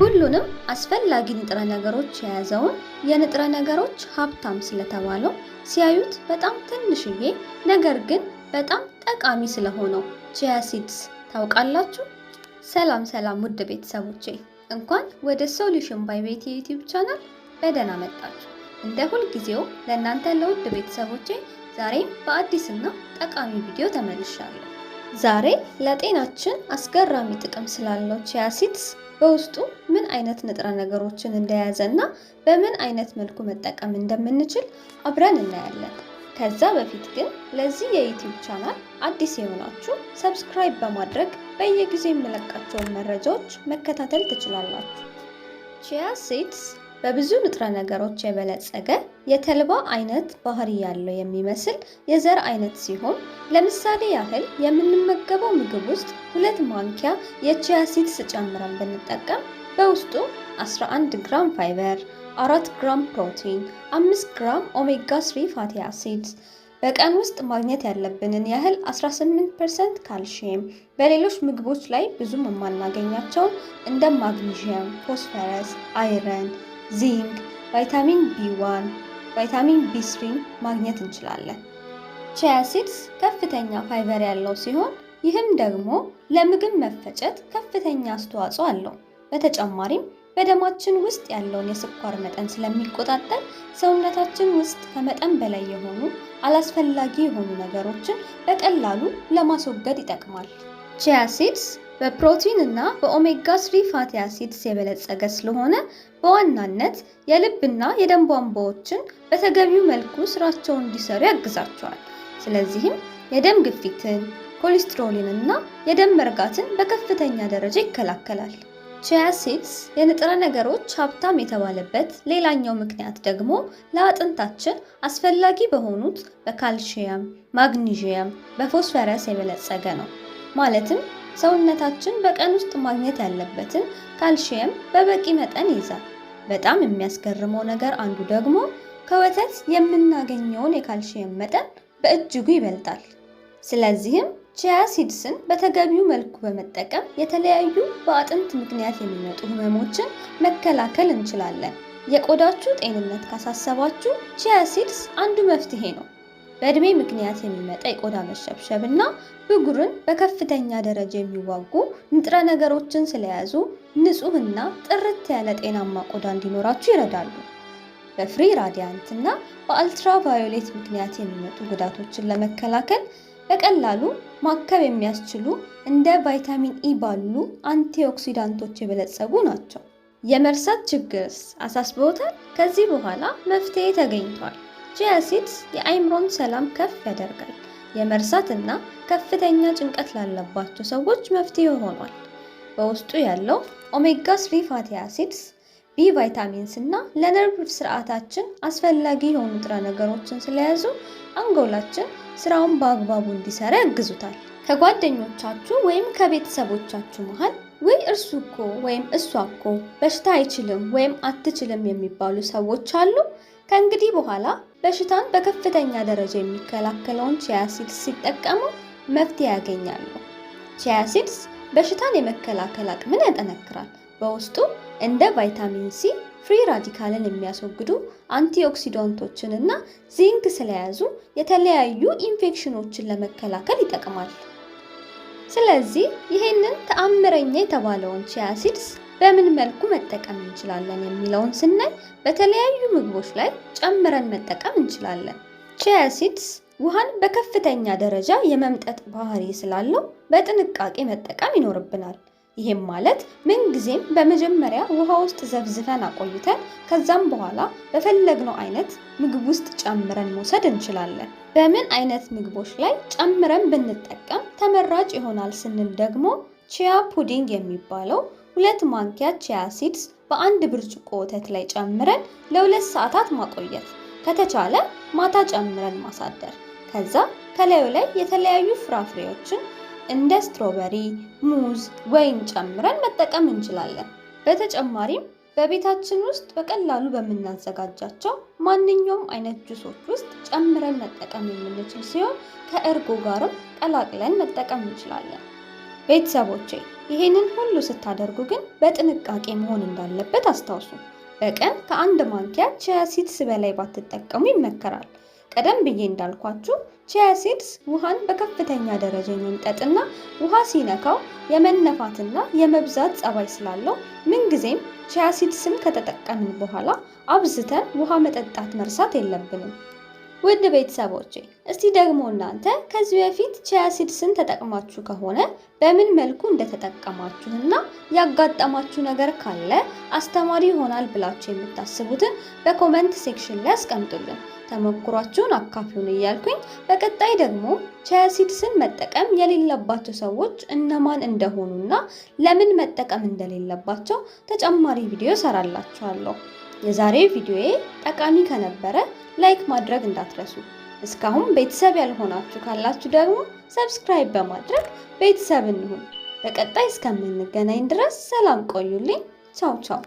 ሁሉንም አስፈላጊ ንጥረ ነገሮች የያዘውን የንጥረ ነገሮች ሀብታም ስለተባለው ሲያዩት በጣም ትንሽዬ ነገር ግን በጣም ጠቃሚ ስለሆነው ቺያ ሲድስ ታውቃላችሁ? ሰላም ሰላም ውድ ቤተሰቦቼ እንኳን ወደ ሶሉሽን ባይ ቤት የዩቲዩብ ቻናል በደህና መጣችሁ። እንደ ሁልጊዜው ለእናንተ ለውድ ቤተሰቦቼ ዛሬም በአዲስና ጠቃሚ ቪዲዮ ተመልሻለሁ። ዛሬ ለጤናችን አስገራሚ ጥቅም ስላለው ቺያ ሲድስ በውስጡ ምን አይነት ንጥረ ነገሮችን እንደያዘ እና በምን አይነት መልኩ መጠቀም እንደምንችል አብረን እናያለን። ከዛ በፊት ግን ለዚህ የዩቲዩብ ቻናል አዲስ የሆናችሁ ሰብስክራይብ በማድረግ በየጊዜ የምለቃቸውን መረጃዎች መከታተል ትችላላችሁ። ቺያ ሲድስ በብዙ ንጥረ ነገሮች የበለጸገ የተልባ አይነት ባህሪ ያለው የሚመስል የዘር አይነት ሲሆን ለምሳሌ ያህል የምንመገበው ምግብ ውስጥ ሁለት ማንኪያ የቺያ ሲድስ ጨምረን ብንጠቀም በውስጡ 11 ግራም ፋይበር፣ 4 ግራም ፕሮቲን፣ 5 ግራም ኦሜጋ 3 ፋቲ አሲድ በቀን ውስጥ ማግኘት ያለብንን ያህል 18% ካልሽየም በሌሎች ምግቦች ላይ ብዙም የማናገኛቸውን እንደ ማግኒዥየም፣ ፎስፈረስ፣ አይረን ዚንክ፣ ቫይታሚን ቢ1፣ ቫይታሚን ቢ3 ማግኘት እንችላለን። ቺያ ሲድስ ከፍተኛ ፋይበር ያለው ሲሆን ይህም ደግሞ ለምግብ መፈጨት ከፍተኛ አስተዋጽኦ አለው። በተጨማሪም በደማችን ውስጥ ያለውን የስኳር መጠን ስለሚቆጣጠር ሰውነታችን ውስጥ ከመጠን በላይ የሆኑ አላስፈላጊ የሆኑ ነገሮችን በቀላሉ ለማስወገድ ይጠቅማል። ቺያ ሲድስ በፕሮቲን እና በኦሜጋ ስሪ ፋቲ አሲድስ የበለጸገ ስለሆነ በዋናነት የልብና የደም ቧንቧዎችን በተገቢው መልኩ ስራቸውን እንዲሰሩ ያግዛቸዋል። ስለዚህም የደም ግፊትን፣ ኮሌስትሮልን እና የደም መርጋትን በከፍተኛ ደረጃ ይከላከላል። ቺያ ሲድስ የንጥረ ነገሮች ሀብታም የተባለበት ሌላኛው ምክንያት ደግሞ ለአጥንታችን አስፈላጊ በሆኑት በካልሽየም፣ ማግኒዥየም፣ በፎስፈረስ የበለጸገ ነው። ማለትም ሰውነታችን በቀን ውስጥ ማግኘት ያለበትን ካልሽየም በበቂ መጠን ይይዛል። በጣም የሚያስገርመው ነገር አንዱ ደግሞ ከወተት የምናገኘውን የካልሽየም መጠን በእጅጉ ይበልጣል። ስለዚህም ቺያ ሲድስን በተገቢው መልኩ በመጠቀም የተለያዩ በአጥንት ምክንያት የሚመጡ ህመሞችን መከላከል እንችላለን። የቆዳችሁ ጤንነት ካሳሰባችሁ ቺያ ሲድስ አንዱ መፍትሄ ነው። በእድሜ ምክንያት የሚመጣ የቆዳ መሸብሸብ እና ብጉርን በከፍተኛ ደረጃ የሚዋጉ ንጥረ ነገሮችን ስለያዙ ንጹህ እና ጥርት ያለ ጤናማ ቆዳ እንዲኖራችሁ ይረዳሉ። በፍሪ ራዲያንት እና በአልትራቫዮሌት ምክንያት የሚመጡ ጉዳቶችን ለመከላከል በቀላሉ ማከብ የሚያስችሉ እንደ ቫይታሚን ኢ ባሉ አንቲኦክሲዳንቶች የበለጸጉ ናቸው። የመርሳት ችግርስ አሳስበውታል? ከዚህ በኋላ መፍትሄ ተገኝቷል። ቺያ ሲድስ የአይምሮን ሰላም ከፍ ያደርጋል። የመርሳት እና ከፍተኛ ጭንቀት ላለባቸው ሰዎች መፍትሄ ሆኗል። በውስጡ ያለው ኦሜጋ 3 ፋቲ አሲድስ፣ ቢ ቫይታሚንስ እና ለነርቭ ስርዓታችን አስፈላጊ የሆኑ ንጥረ ነገሮችን ስለያዙ አንጎላችን ስራውን በአግባቡ እንዲሰራ ያግዙታል። ከጓደኞቻችሁ ወይም ከቤተሰቦቻችሁ መሃል ወይ እርሱ እኮ ወይም እሷ እኮ በሽታ አይችልም ወይም አትችልም የሚባሉ ሰዎች አሉ። ከእንግዲህ በኋላ በሽታን በከፍተኛ ደረጃ የሚከላከለውን ቺያሲድስ ሲጠቀሙ መፍትሄ ያገኛሉ። ቺያሲድስ በሽታን የመከላከል አቅምን ያጠነክራል። በውስጡ እንደ ቫይታሚን ሲ፣ ፍሪ ራዲካልን የሚያስወግዱ አንቲኦክሲዳንቶችን እና ዚንክ ስለያዙ የተለያዩ ኢንፌክሽኖችን ለመከላከል ይጠቅማል። ስለዚህ ይህንን ተአምረኛ የተባለውን ቺያሲድስ በምን መልኩ መጠቀም እንችላለን የሚለውን ስናይ በተለያዩ ምግቦች ላይ ጨምረን መጠቀም እንችላለን። ቺያ ሲድስ ውሃን በከፍተኛ ደረጃ የመምጠጥ ባህሪ ስላለው በጥንቃቄ መጠቀም ይኖርብናል። ይህም ማለት ምንጊዜም በመጀመሪያ ውሃ ውስጥ ዘፍዝፈን አቆይተን ከዛም በኋላ በፈለግነው አይነት ምግብ ውስጥ ጨምረን መውሰድ እንችላለን። በምን አይነት ምግቦች ላይ ጨምረን ብንጠቀም ተመራጭ ይሆናል ስንል ደግሞ ቺያ ፑዲንግ የሚባለው ሁለት ማንኪያ ቺያ ሲድስ በአንድ ብርጭቆ ወተት ላይ ጨምረን ለሁለት ሰዓታት ማቆየት፣ ከተቻለ ማታ ጨምረን ማሳደር። ከዛ ከላዩ ላይ የተለያዩ ፍራፍሬዎችን እንደ ስትሮበሪ፣ ሙዝ፣ ወይን ጨምረን መጠቀም እንችላለን። በተጨማሪም በቤታችን ውስጥ በቀላሉ በምናዘጋጃቸው ማንኛውም አይነት ጁሶች ውስጥ ጨምረን መጠቀም የምንችል ሲሆን ከእርጎ ጋርም ቀላቅለን መጠቀም እንችላለን። ቤተሰቦቼ ይህንን ሁሉ ስታደርጉ ግን በጥንቃቄ መሆን እንዳለበት አስታውሱ። በቀን ከአንድ ማንኪያ ቺያ ሲድስ በላይ ባትጠቀሙ ይመከራል። ቀደም ብዬ እንዳልኳችሁ ቺያ ሲድስ ውሃን በከፍተኛ ደረጃ የመምጠጥና ውሃ ሲነካው የመነፋትና የመብዛት ጸባይ ስላለው ምንጊዜም ቺያ ሲድስም ከተጠቀምን በኋላ አብዝተን ውሃ መጠጣት መርሳት የለብንም። ውድ ቤተሰቦቼ እስቲ ደግሞ እናንተ ከዚህ በፊት ቺያ ሲድስን ተጠቅማችሁ ከሆነ በምን መልኩ እንደተጠቀማችሁና ያጋጠማችሁ ነገር ካለ አስተማሪ ይሆናል ብላችሁ የምታስቡትን በኮመንት ሴክሽን ላይ አስቀምጡልን። ተሞክሯችሁን አካፊውን እያልኩኝ በቀጣይ ደግሞ ቺያ ሲድስን መጠቀም የሌለባቸው ሰዎች እነማን እንደሆኑና ለምን መጠቀም እንደሌለባቸው ተጨማሪ ቪዲዮ ሰራላችኋለሁ። የዛሬ ቪዲዮዬ ጠቃሚ ከነበረ ላይክ ማድረግ እንዳትረሱ። እስካሁን ቤተሰብ ያልሆናችሁ ካላችሁ ደግሞ ሰብስክራይብ በማድረግ ቤተሰብ እንሁን። በቀጣይ እስከምንገናኝ ድረስ ሰላም ቆዩልኝ። ቻው ቻው